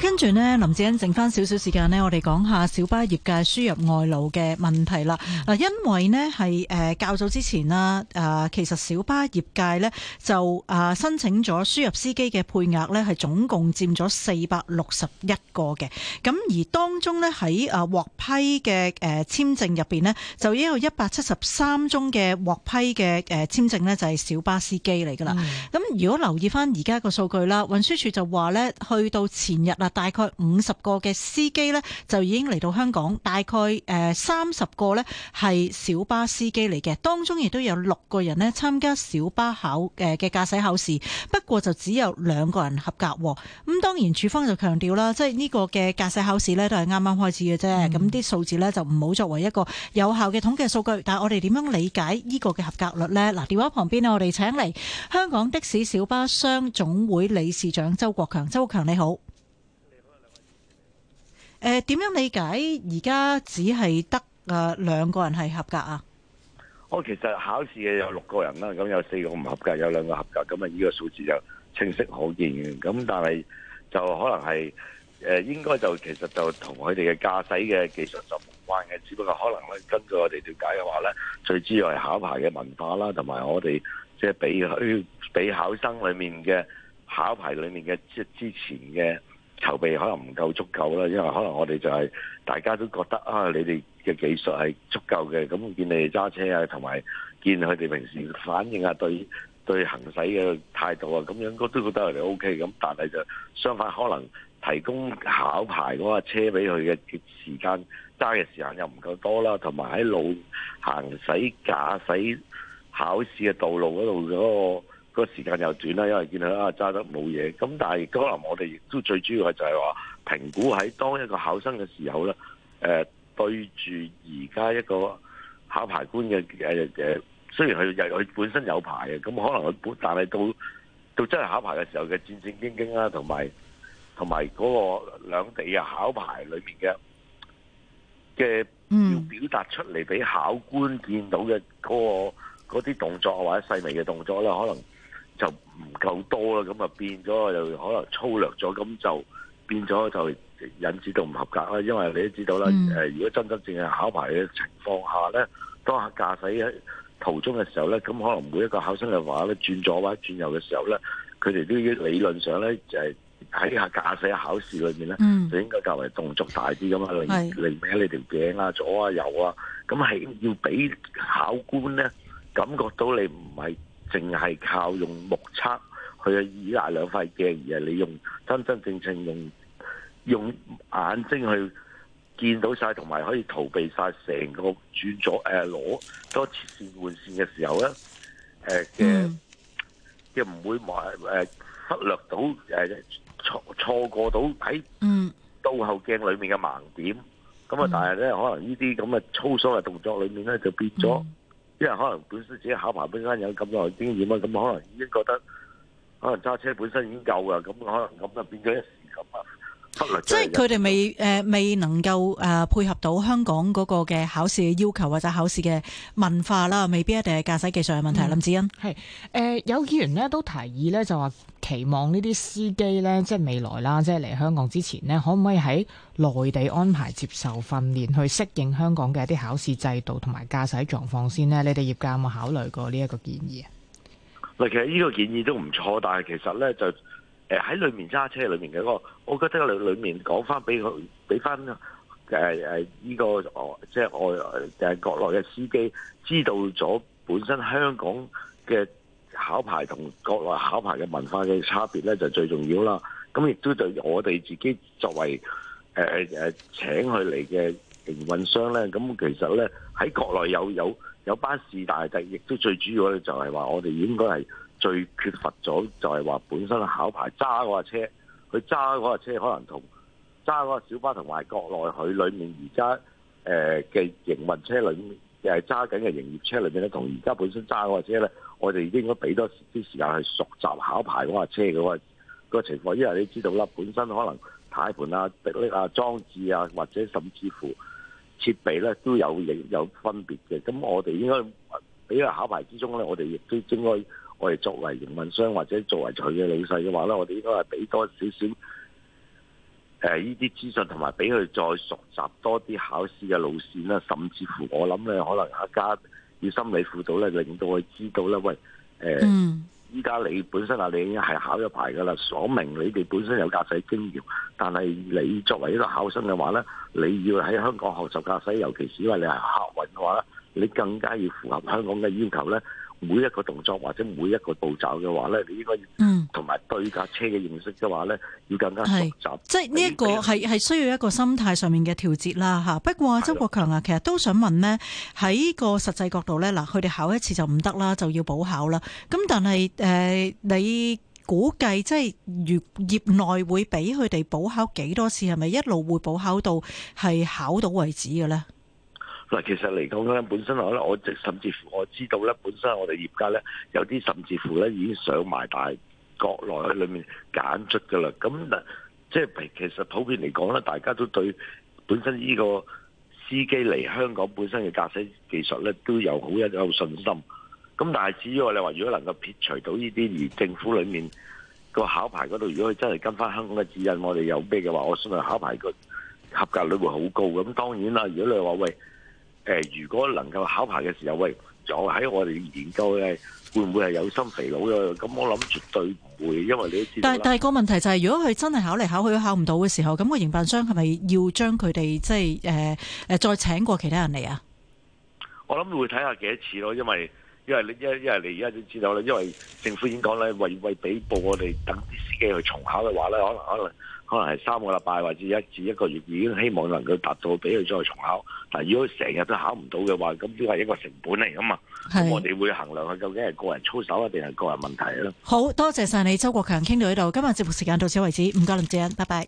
跟住呢，林志欣，剩翻少少時間呢。我哋講下小巴業界輸入外勞嘅問題啦。嗱，因為呢係誒較早之前啦，誒其實小巴業界呢就誒申請咗輸入司機嘅配額呢係總共佔咗四百六十一個嘅。咁而當中呢，喺誒獲批嘅誒簽證入面呢，就已經有一百七十三宗嘅獲批嘅誒簽證呢，就係小巴司機嚟噶啦。咁、嗯、如果留意翻而家個數據啦，運輸署就話呢，去到前日大概五十個嘅司機呢，就已經嚟到香港。大概誒三十個呢，係小巴司機嚟嘅，當中亦都有六個人呢，參加小巴考誒嘅駕駛考試，不過就只有兩個人合格。咁當然，署方就強調啦，即係呢個嘅駕駛考試呢，都係啱啱開始嘅啫。咁啲數字呢，就唔好作為一個有效嘅統計數據。但係我哋點樣理解呢個嘅合格率呢？嗱，電話旁邊呢，我哋請嚟香港的士小巴商總會理事長周國強。周國強，你好。誒，點樣理解而家只係得誒，兩個人係合格啊？我其實考試嘅有六個人啦，咁有四個唔合格，有兩個合格，咁啊，呢個數字就清晰可見嘅。咁但係就可能係誒，應該就其實就同佢哋嘅駕駛嘅技術就唔關嘅，只不過可能咧，根據我哋了解嘅話咧，最主要係考牌嘅文化啦，同埋我哋即係俾佢俾考生裏面嘅考牌裏面嘅即係之前嘅。籌備可能唔夠足夠啦，因為可能我哋就係大家都覺得啊，你哋嘅技術係足夠嘅，咁見你哋揸車啊，同埋見佢哋平時反應啊，對對行駛嘅態度啊，咁樣都覺得我哋 OK 咁，但係就相反，可能提供考牌嗰架車俾佢嘅時間，揸嘅時間又唔夠多啦，同埋喺路行駛、駕駛考試嘅道路嗰度嗰個個時間又短啦，因為見到啊揸得冇嘢，咁但係可能我哋亦都最主要嘅就係話評估喺當一個考生嘅時候咧，誒、呃、對住而家一個考牌官嘅誒誒，雖然佢本身有牌嘅，咁可能佢本但係到到真係考牌嘅時候嘅戰戰兢兢啦，同埋同埋嗰個兩地嘅考牌裏面嘅嘅要表達出嚟俾考官見到嘅嗰、嗰個嗰啲動作或者細微嘅動作咧，可能。就唔夠多啦，咁啊變咗又可能粗略咗，咁就變咗就引致到唔合格啦。因為你都知道啦，誒如果真真正正考牌嘅情況下咧，當下駕駛喺途中嘅時候咧，咁可能每一個考生嘅話咧，轉左或者轉右嘅時候咧，佢哋都理論上咧就係喺下駕駛考試裏面咧，就應該較為動作大啲咁樣，嚟嚟歪你條頸啊，左啊右啊，咁係要俾考官咧感覺到你唔係。淨係靠用目測去依賴兩塊鏡，而係你用真真正正用用眼睛去見到晒，同埋可以逃避晒成個轉咗誒攞多次線換線嘅時候咧，誒嘅即係唔會盲誒忽略到誒錯錯過到喺倒後鏡裡面嘅盲點。咁啊，但係咧可能呢啲咁嘅粗疏嘅動作裡面咧就變咗。Mm. 因、yeah，人可能本身自己考牌本身有咁耐經驗啦，咁可能已經覺得可能揸車本身已經夠噶，咁可能咁就變咗一時咁。即係佢哋未，誒、呃、未能夠誒、呃、配合到香港嗰個嘅考試要求或者考試嘅文化啦，未必一定係駕駛技術嘅問題，嗯。林志恩係誒、呃、有議員呢都提議呢，就話期望呢啲司機呢，即係未來啦，即係嚟香港之前呢，可唔可以喺內地安排接受訓練，去適應香港嘅一啲考試制度同埋駕駛狀況先呢？你哋業界有冇考慮過呢一個建議啊？其實呢個建議都唔錯，但係其實呢就。誒喺裏面揸車裏面嘅嗰個，我覺得裏裏面講翻俾佢，俾翻誒誒呢個即係外誒國內嘅司機知道咗本身香港嘅考牌同國內考牌嘅文化嘅差別咧，就最重要啦。咁亦都對我哋自己作為誒誒、呃、請佢嚟嘅營運商咧，咁其實咧喺國內有有有巴士大弟，亦都最主要咧就係話我哋應該係。最缺乏咗就係話本身考牌揸嗰架車，佢揸嗰架車可能同揸嗰小巴同埋國內佢裡面而家誒嘅營運車裡面又係揸緊嘅營業車裡面。咧，同而家本身揸嗰架車咧，我哋應該俾多啲時間去熟習考牌嗰架車嘅個個情況，因為你知道啦，本身可能軚盤啊、碟力啊、裝置啊，或者甚至乎設備咧都有影有分別嘅。咁我哋應該喺考牌之中咧，我哋亦都應該。我哋作為營運商或者作為佢嘅老細嘅話咧，我哋應該係俾多少少誒依啲資訊，同埋俾佢再熟習多啲考試嘅路線啦。甚至乎我諗咧，可能一家要心理輔導咧，令到佢知道咧，喂誒，依、呃、家、mm. 你本身啊，你已經係考咗牌噶啦，所明你哋本身有駕駛經驗，但係你作為一個考生嘅話咧，你要喺香港學習駕駛，尤其是因為你係客運嘅話咧，你更加要符合香港嘅要求咧。每一個動作或者每一個步驟嘅話呢，你應該同埋對架車嘅認識嘅話呢，要更加複雜。即係呢一個係係需要一個心態上面嘅調節啦嚇。不過周國強啊，其實都想問呢，喺個實際角度呢，嗱，佢哋考一次就唔得啦，就要補考啦。咁但係誒、呃，你估計即係業業內會俾佢哋補考幾多次？係咪一路會補考到係考到為止嘅呢？嗱，其實嚟講咧，本身可能我甚至乎我知道咧，本身我哋業界咧有啲甚至乎咧已經上埋大係國內喺裡面揀出㗎喇。咁嗱，即係其實普遍嚟講咧，大家都對本身呢個司機嚟香港本身嘅駕駛技術咧都有好有有信心。咁但係至於我哋話，如果能夠撇除到呢啲，而政府裡面個考牌嗰度，如果佢真係跟返香港嘅指引，我哋有咩嘅話，我相信考牌個合格率會好高。咁當然啦，如果你話喂，誒、呃，如果能夠考牌嘅時候，喂，就喺我哋研究咧，會唔會係有心肥佬咧？咁我諗絕對唔會，因為你都知道。但係，但係個問題就係、是，如果佢真係考嚟考去都考唔到嘅時候，咁、那個營辦商係咪要將佢哋即係誒誒再請過其他人嚟啊？我諗會睇下幾多次咯，因為因為，因為你一因為你而家都知道啦，因為政府已經講咧，為為俾報我哋等啲司機去重考嘅話咧，可能可能。可能係三個禮拜或者一至一個月已經希望能夠達到，俾佢再重考。但如果成日都考唔到嘅話，咁都係一個成本嚟噶嘛。我哋會衡量佢究竟係個人操守啊，定係個人問題咯。好多謝晒你，周國強，傾到呢度，今日節目時間到此為止，唔該，林志恩，拜拜。